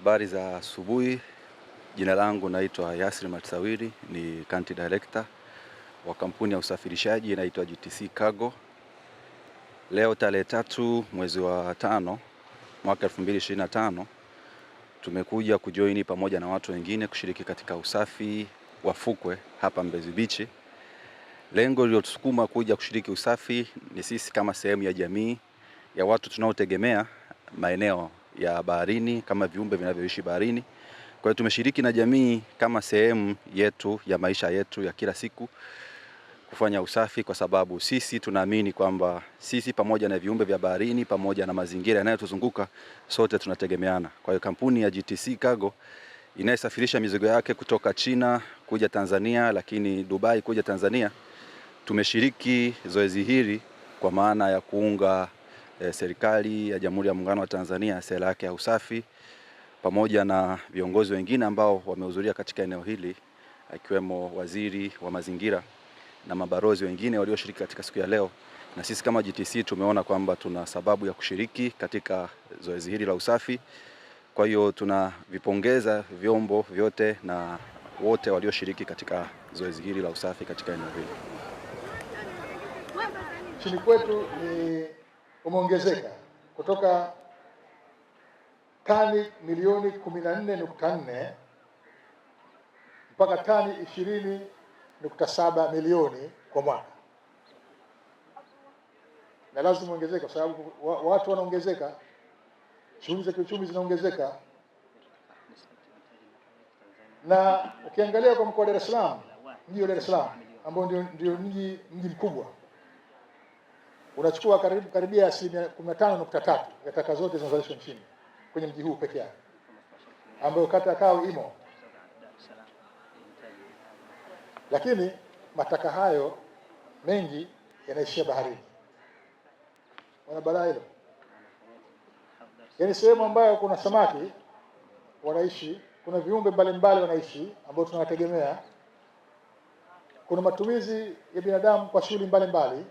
Habari za asubuhi. Jina langu naitwa Yasri Matsawiri, ni County Director wa kampuni ya usafirishaji inaitwa GTC Cargo. Leo tarehe tatu mwezi wa tano mwaka 2025 tumekuja kujoini pamoja na watu wengine kushiriki katika usafi wa fukwe hapa Mbezi Beach. Lengo lililotusukuma kuja kushiriki usafi ni sisi kama sehemu ya jamii ya watu tunaotegemea maeneo ya baharini kama viumbe vinavyoishi baharini. Kwa hiyo tumeshiriki na jamii kama sehemu yetu ya maisha yetu ya kila siku kufanya usafi, kwa sababu sisi tunaamini kwamba sisi pamoja na viumbe vya baharini pamoja na mazingira yanayotuzunguka sote tunategemeana. Kwa hiyo kampuni ya GTC Cargo inayesafirisha mizigo yake kutoka China kuja Tanzania, lakini Dubai kuja Tanzania, tumeshiriki zoezi hili kwa maana ya kuunga e, serikali ya Jamhuri ya Muungano wa Tanzania sera yake ya usafi pamoja na viongozi wengine ambao wamehudhuria katika eneo hili akiwemo waziri wa mazingira na mabalozi wengine walioshiriki katika siku ya leo. Na sisi kama GTC tumeona kwamba tuna sababu ya kushiriki katika zoezi hili la usafi. Kwa hiyo tunavipongeza vyombo vyote na wote walioshiriki katika zoezi hili la usafi katika eneo hili. Chini kwetu ni umeongezeka kutoka tani milioni kumi na nne nukta nne mpaka tani ishirini milioni kwa mwaka, na lazima uongezeke kwa sababu watu wanaongezeka, shughuli za kiuchumi zinaongezeka. Na ukiangalia kwa mkoa wa Dar es Salaam, mji wa Dar es Salaam ambao ndio mji mkubwa unachukua karibu karibia asilimia kumi na tano nukta tatu ya taka zote zinazozalishwa nchini kwenye mji huu peke yake, ambayo kata Kawe imo. Lakini mataka hayo mengi yanaishia baharini, wana balaa hilo. Yaani sehemu ambayo kuna samaki wanaishi, kuna viumbe mbalimbali wanaishi ambao tunawategemea, kuna matumizi ya binadamu kwa shughuli mbalimbali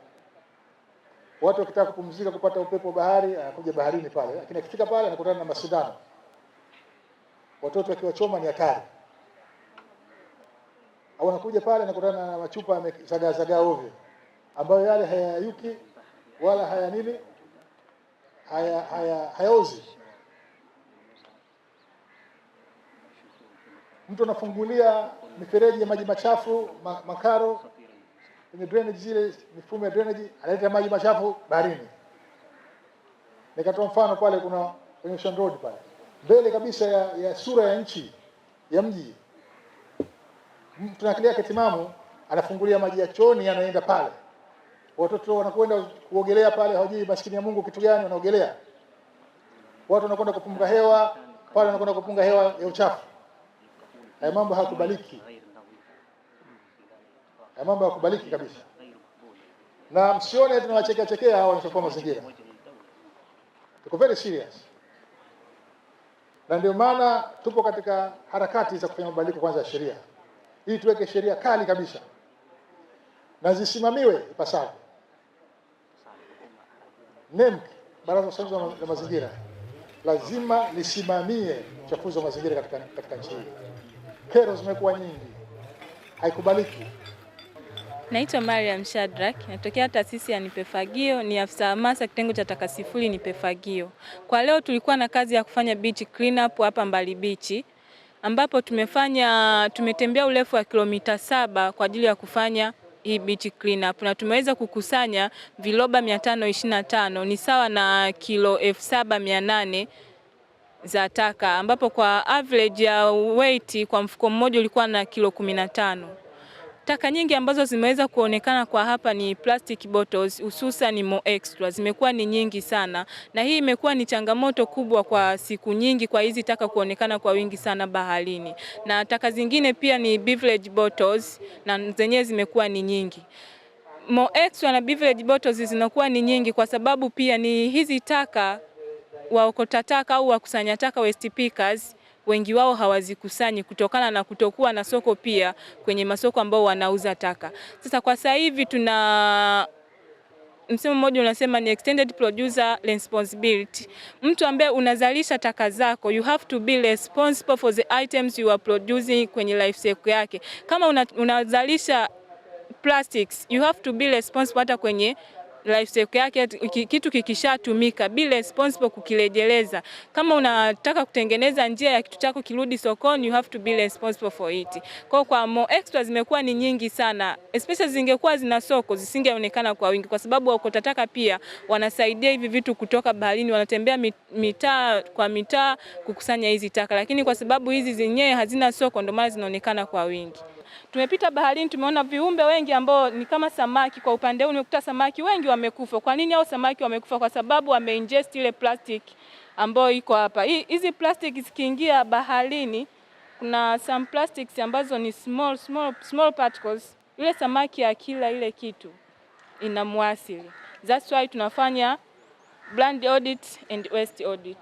Watu wakitaka kupumzika kupata upepo wa bahari anakuja baharini pale, lakini akifika pale anakutana na masindano. Watoto akiwachoma ni hatari, au anakuja pale anakutana na machupa yamezagaa zagaa ovyo, ambayo yale hayayuki wala haya nini, haya haya hayaozi. Mtu anafungulia mifereji ya maji machafu makaro kwenye drainage zile, mifumo ya drainage, analeta maji machafu baharini. Nikatoa mfano pale, kuna kwenye Ocean Road pale mbele kabisa ya, ya sura ya nchi ya mji, tunakilia katimamu anafungulia maji ya choni, anaenda pale, watoto wanakwenda kuogelea pale, hawajui maskini ya Mungu kitu gani wanaogelea. Watu wanakwenda kupunga hewa pale, wanakwenda kupunga hewa ya uchafu. Haya mambo hayakubaliki ya mambo ya kubaliki kabisa, na msione tunawachekea chekea hawa wanachokuwa mazingira. Tuko very serious, na ndio maana tupo katika harakati za kufanya mabadiliko kwanza ya sheria, ili tuweke sheria kali kabisa na zisimamiwe ipasavyo. NEMC, Baraza la Usimamizi wa Mazingira, lazima lisimamie uchafuzi wa mazingira katika, katika nchi hii. Kero zimekuwa nyingi, haikubaliki. Naitwa Mariam Shadrack, natokea taasisi ya Nipefagio, ni afisa hamasa kitengo cha takasifuli Nipefagio. Kwa leo tulikuwa na kazi ya kufanya beach cleanup hapa Mbali Beach ambapo tumefanya tumetembea urefu wa kilomita saba kwa ajili ya kufanya hii beach cleanup na tumeweza kukusanya viloba 525 ni sawa na kilo 7800 za taka ambapo kwa average ya weight kwa mfuko mmoja ulikuwa na kilo 15. Taka nyingi ambazo zimeweza kuonekana kwa hapa ni plastic bottles hususan Mo Extra zimekuwa ni nyingi sana, na hii imekuwa ni changamoto kubwa kwa siku nyingi kwa hizi taka kuonekana kwa wingi sana baharini, na taka zingine pia ni beverage bottles na zenyewe zimekuwa ni nyingi. Mo Extra na beverage bottles zinakuwa ni nyingi kwa sababu pia ni hizi taka waokota taka au wakusanya taka waste pickers wengi wao hawazikusanyi kutokana na kutokuwa na soko pia kwenye masoko ambao wanauza taka. Sasa kwa sasa hivi tuna msemo mmoja unasema ni extended producer responsibility. Mtu ambaye unazalisha taka zako, you have to be responsible for the items you are producing kwenye life cycle yake. Kama una, unazalisha plastics, you have to be responsible hata kwenye lifestyle yake kitu kikishatumika bila responsible kukirejeleza. Kama unataka kutengeneza njia ya kitu chako kirudi sokoni, you have to be responsible for it. Kwa kwa Mo Extra zimekuwa ni nyingi sana, especially zingekuwa zina soko zisingeonekana kwa wingi, kwa sababu waokota taka pia wanasaidia hivi vitu kutoka baharini, wanatembea mitaa kwa mitaa kukusanya hizi taka, lakini kwa sababu hizi zenyewe hazina soko, ndio maana zinaonekana kwa wingi. Tumepita baharini, tumeona viumbe wengi ambao ni kama samaki. Kwa upande huu nimekuta samaki wengi wamekufa. Kwa nini hao samaki wamekufa? Kwa sababu wameinject ile plastic ambayo iko hapa. Hizi plastic zikiingia baharini, kuna some plastics ambazo ni small, small, small particles. ile samaki kila ile kitu inamwasili. That's why tunafanya brand audit and waste audit.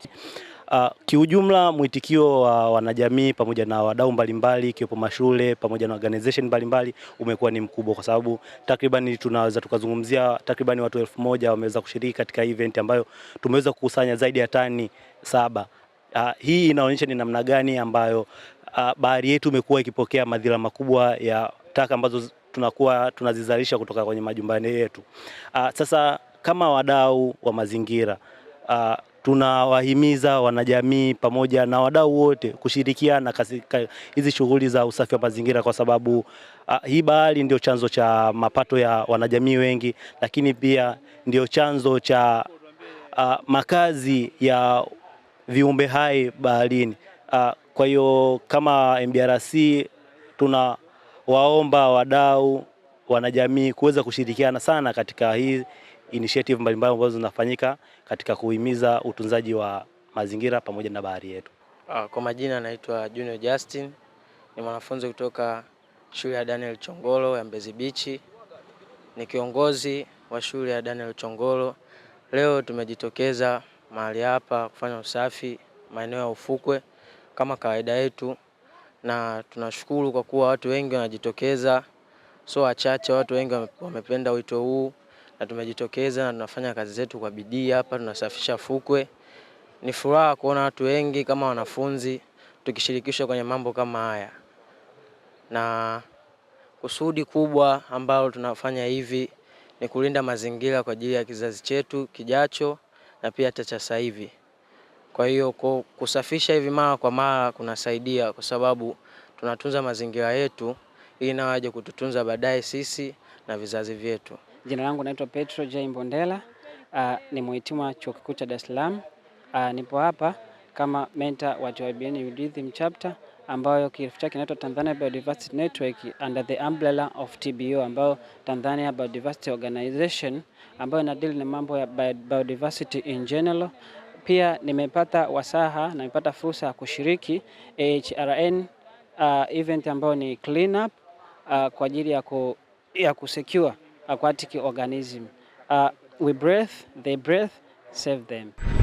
Uh, kiujumla mwitikio wa uh, wanajamii pamoja na wadau mbalimbali ikiwepo mashule pamoja na organization mbalimbali umekuwa ni mkubwa, kwa sababu takriban tunaweza tukazungumzia takriban watu elfu moja wameweza kushiriki katika event ambayo tumeweza kukusanya zaidi ya tani saba. Uh, hii inaonyesha ni namna gani ambayo uh, bahari yetu imekuwa ikipokea madhila makubwa ya taka ambazo tunakuwa tunazizalisha kutoka kwenye majumbani yetu. Uh, sasa kama wadau wa mazingira uh, tunawahimiza wanajamii pamoja na wadau wote kushirikiana katika hizi shughuli za usafi wa mazingira, kwa sababu uh, hii bahari ndio chanzo cha mapato ya wanajamii wengi, lakini pia ndio chanzo cha uh, makazi ya viumbe hai baharini. Uh, kwa hiyo kama MBRC tunawaomba wadau wanajamii kuweza kushirikiana sana katika hii initiative mbalimbali ambazo zinafanyika katika kuhimiza utunzaji wa mazingira pamoja na bahari yetu. Ah, kwa majina anaitwa Junior Justin, ni mwanafunzi kutoka shule ya Daniel Chongolo ya Mbezi Beach, ni kiongozi wa shule ya Daniel Chongolo. Leo tumejitokeza mahali hapa kufanya usafi maeneo ya ufukwe kama kawaida yetu, na tunashukuru kwa kuwa watu wengi wanajitokeza, so wachache, watu wengi wamependa wito huu na tumejitokeza na tunafanya kazi zetu kwa bidii hapa, tunasafisha fukwe. Ni furaha kuona watu wengi kama wanafunzi tukishirikishwa kwenye mambo kama haya, na kusudi kubwa ambalo tunafanya hivi ni kulinda mazingira kwa ajili ya kizazi chetu kijacho na pia hata cha sasa hivi. Kwa hiyo kusafisha hivi mara kwa mara kunasaidia kwa sababu tunatunza mazingira yetu ili nawaje kututunza baadaye sisi na vizazi vyetu. Jina langu naitwa Petro J. Mbondela. Uh, ni mhitimu wa Chuo Kikuu cha Dar es Salaam. Uh, nipo hapa kama mentor wa JYBN Youth Chapter ambayo kirefu chake inaitwa Tanzania Biodiversity Network under the umbrella of TBO ambayo Tanzania Biodiversity Organization ambayo inadili na mambo ya biodiversity in general. Pia nimepata wasaha na nimepata fursa ya kushiriki HRN uh, ah, event ambayo ni clean up uh, kwa ajili ya ku, ya kusecure aquatic organism. Uh, we breathe, they breathe, save them.